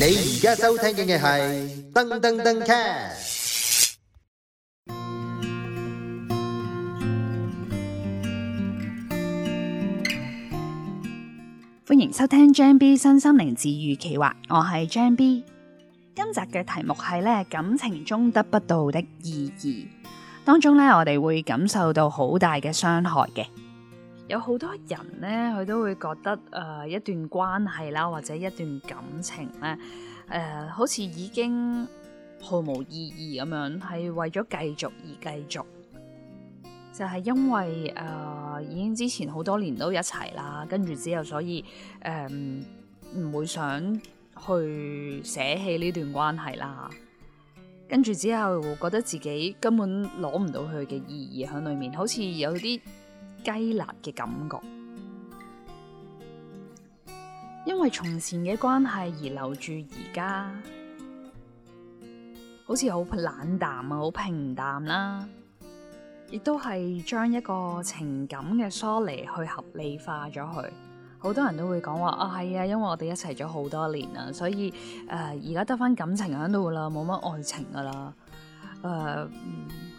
你而家收聽緊嘅係噔噔噔 cast，歡迎收聽張 B 身心靈治癒奇話，我係張 B。今集嘅題目係咧，感情中得不到的意義當中咧，我哋會感受到好大嘅傷害嘅。有好多人呢，佢都會覺得誒、呃、一段關係啦，或者一段感情咧，誒、呃、好似已經毫無意義咁樣，係為咗繼續而繼續，就係、是、因為誒、呃、已經之前好多年都一齊啦，跟住之後所以誒、呃、唔會想去捨棄呢段關係啦。跟住之後覺得自己根本攞唔到佢嘅意義喺裏面，好似有啲雞肋嘅感覺，因為從前嘅關係而留住而家，好似好冷淡啊，好平淡啦，亦都係將一個情感嘅疏離去合理化咗佢。好多人都會講話啊，係啊，因為我哋一齊咗好多年啦，所以誒而家得翻感情喺度啦，冇乜愛情噶啦，誒、呃。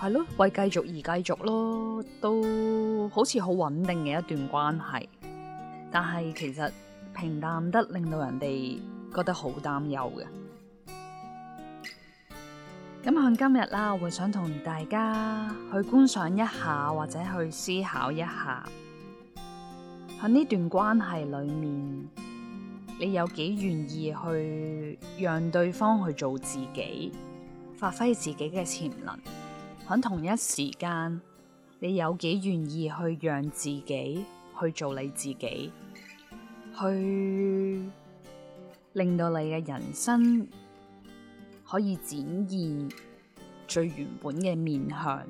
係咯，為繼續而繼續咯，都好似好穩定嘅一段關係。但係其實平淡得令到人哋覺得好擔憂嘅。咁喺、嗯、今日啦，我會想同大家去觀賞一下，或者去思考一下喺呢段關係裏面，你有幾願意去讓對方去做自己，發揮自己嘅潛能。喺同一時間，你有幾願意去讓自己去做你自己，去令到你嘅人生可以展現最原本嘅面向。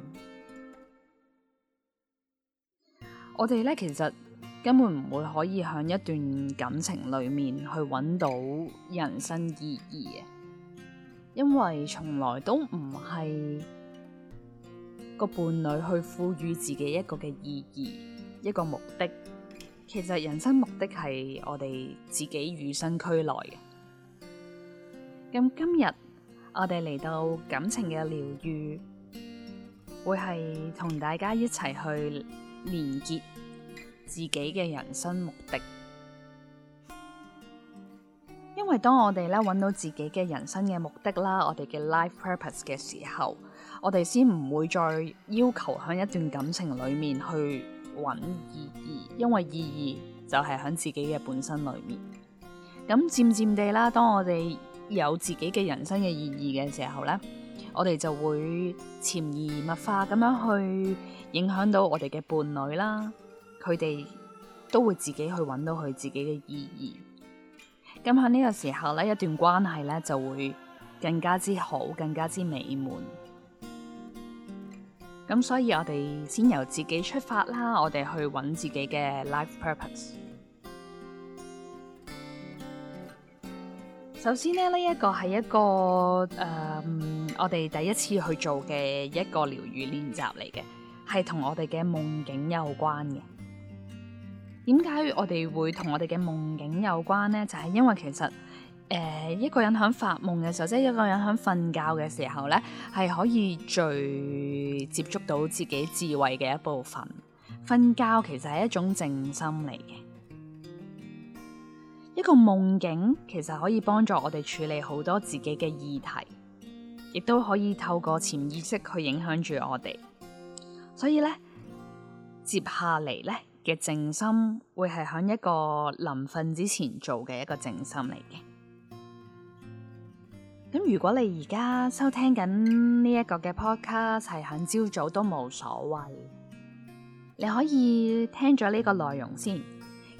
我哋咧其實根本唔會可以喺一段感情裏面去揾到人生意義，因為從來都唔係。個伴侶去賦予自己一個嘅意義，一個目的。其實人生目的係我哋自己與生俱來嘅。咁今日我哋嚟到感情嘅療癒，會係同大家一齊去連結自己嘅人生目的。因為當我哋呢揾到自己嘅人生嘅目的啦，我哋嘅 life purpose 嘅時候。我哋先唔會再要求喺一段感情裏面去揾意義，因為意義就係喺自己嘅本身裏面。咁漸漸地啦，當我哋有自己嘅人生嘅意義嘅時候呢，我哋就會潛移默化咁樣去影響到我哋嘅伴侶啦，佢哋都會自己去揾到佢自己嘅意義。咁喺呢個時候呢，一段關係呢就會更加之好，更加之美滿。咁所以，我哋先由自己出發啦，我哋去揾自己嘅 life purpose。首先呢，呢、這個、一個係一個誒，我哋第一次去做嘅一個療愈練習嚟嘅，係同我哋嘅夢境有關嘅。點解我哋會同我哋嘅夢境有關呢？就係、是、因為其實。誒、呃、一個人喺發夢嘅時候，即係一個人喺瞓覺嘅時候呢，係可以最接觸到自己智慧嘅一部分。瞓覺其實係一種靜心嚟嘅。一個夢境其實可以幫助我哋處理好多自己嘅議題，亦都可以透過潛意識去影響住我哋。所以呢，接下嚟呢嘅靜心會係喺一個臨瞓之前做嘅一個靜心嚟嘅。咁如果你而家收聽緊呢一個嘅 podcast 係響朝早都冇所謂，你可以聽咗呢個內容先，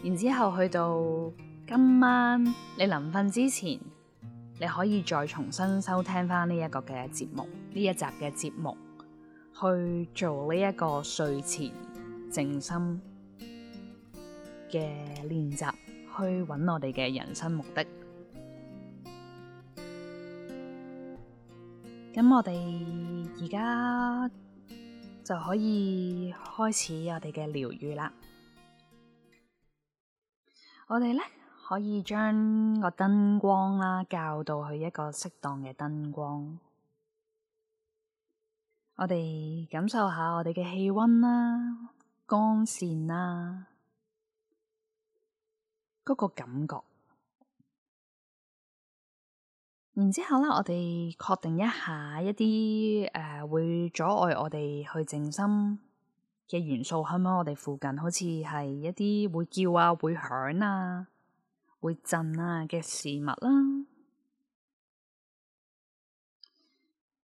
然之後去到今晚你臨瞓之前，你可以再重新收聽翻呢一個嘅節目，呢一集嘅節目，去做呢一個睡前靜心嘅練習，去搵我哋嘅人生目的。咁我哋而家就可以開始我哋嘅療癒啦。我哋咧可以將個燈光啦、啊、校到去一個適當嘅燈光。我哋感受下我哋嘅氣溫啦、光綫啦、啊，嗰、嗰個感覺。然之後咧，我哋確定一下一啲誒、呃、會阻礙我哋去靜心嘅元素，喺唔喺我哋附近，好似係一啲會叫啊、會響啊、會震啊嘅事物啦？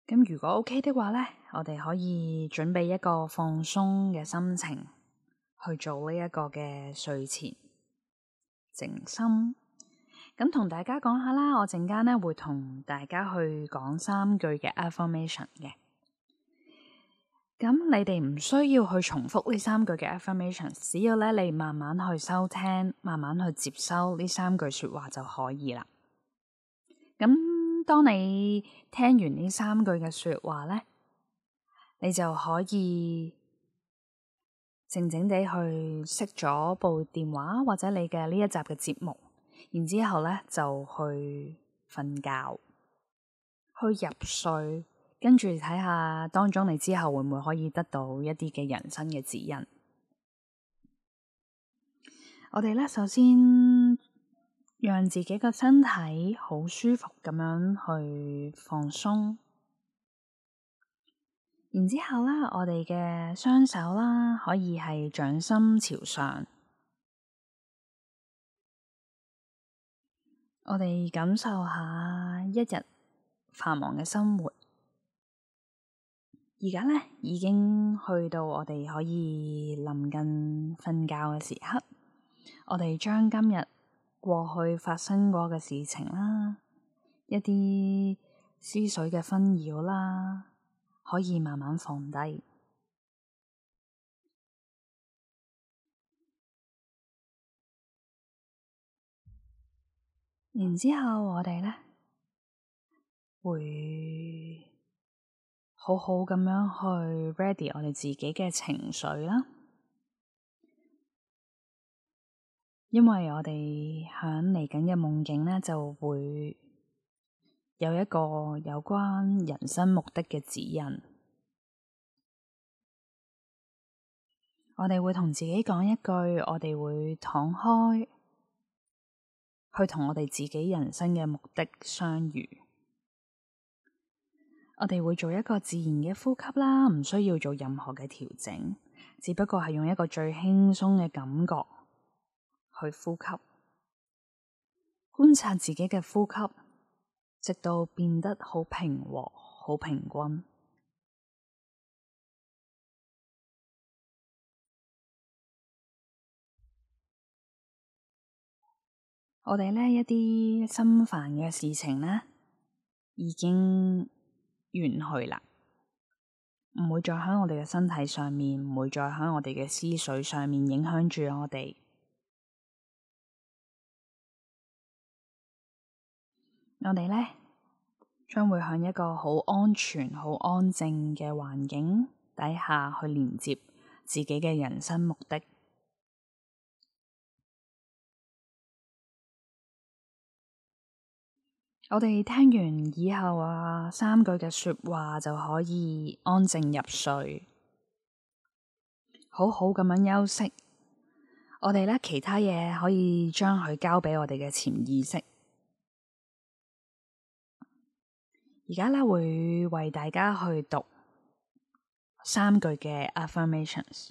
咁如果 OK 的話咧，我哋可以準備一個放鬆嘅心情去做呢一個嘅睡前靜心。咁同大家講下啦，我陣間呢會同大家去講三句嘅 affirmation 嘅。咁你哋唔需要去重複呢三句嘅 affirmation，只要咧你慢慢去收聽，慢慢去接收呢三句說話就可以啦。咁當你聽完呢三句嘅說話呢，你就可以靜靜地去熄咗部電話或者你嘅呢一集嘅節目。然之後咧，就去瞓覺，去入睡，跟住睇下當中你之後會唔會可以得到一啲嘅人生嘅指引。我哋咧，首先讓自己嘅身體好舒服咁樣去放鬆。然之後啦，我哋嘅雙手啦，可以係掌心朝上。我哋感受下一日繁忙嘅生活，而家咧已經去到我哋可以臨近瞓覺嘅時刻，我哋將今日過去發生過嘅事情啦，一啲思緒嘅紛擾啦，可以慢慢放低。然之後我哋咧會好好咁樣去 ready 我哋自己嘅情緒啦，因為我哋響嚟緊嘅夢境咧就會有一個有關人生目的嘅指引，我哋會同自己講一句，我哋會躺開。去同我哋自己人生嘅目的相遇，我哋會做一個自然嘅呼吸啦，唔需要做任何嘅調整，只不過係用一個最輕鬆嘅感覺去呼吸，觀察自己嘅呼吸，直到變得好平和、好平均。我哋呢一啲心煩嘅事情呢，已經遠去啦，唔會再喺我哋嘅身體上面，唔會再喺我哋嘅思緒上面影響住我哋。我哋呢，將會喺一個好安全、好安靜嘅環境底下去連接自己嘅人生目的。我哋聽完以後啊，三句嘅說話就可以安靜入睡，好好咁樣休息。我哋咧其他嘢可以將佢交俾我哋嘅潛意識。而家咧會為大家去讀三句嘅 affirmations。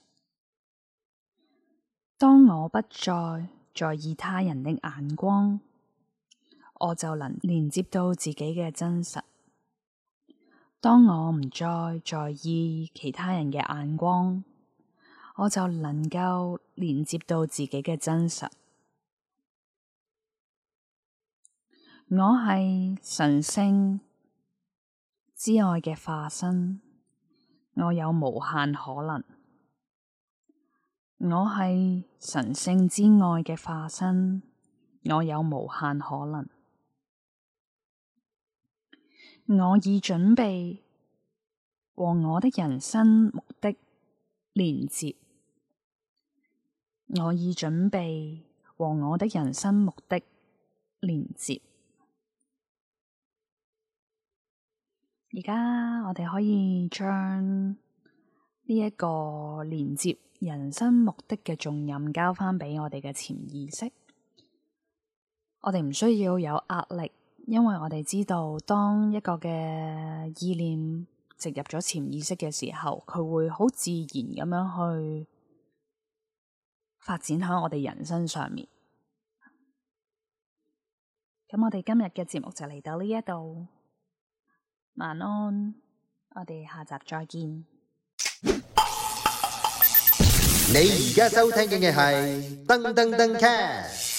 當我不再在意他人的眼光。我就能連接到自己嘅真實。當我唔再在意其他人嘅眼光，我就能夠連接到自己嘅真實。我係神聖之愛嘅化身，我有無限可能。我係神聖之愛嘅化身，我有無限可能。我已準備和我的人生目的連接。我已準備和我的人生目的連接。而家我哋可以將呢一個連接人生目的嘅重任交返畀我哋嘅潛意識。我哋唔需要有壓力。因為我哋知道，當一個嘅意念植入咗潛意識嘅時候，佢會好自然咁樣去發展喺我哋人生上面。咁我哋今日嘅節目就嚟到呢一度，晚安，我哋下集再見。你而家收聽嘅係噔噔噔 c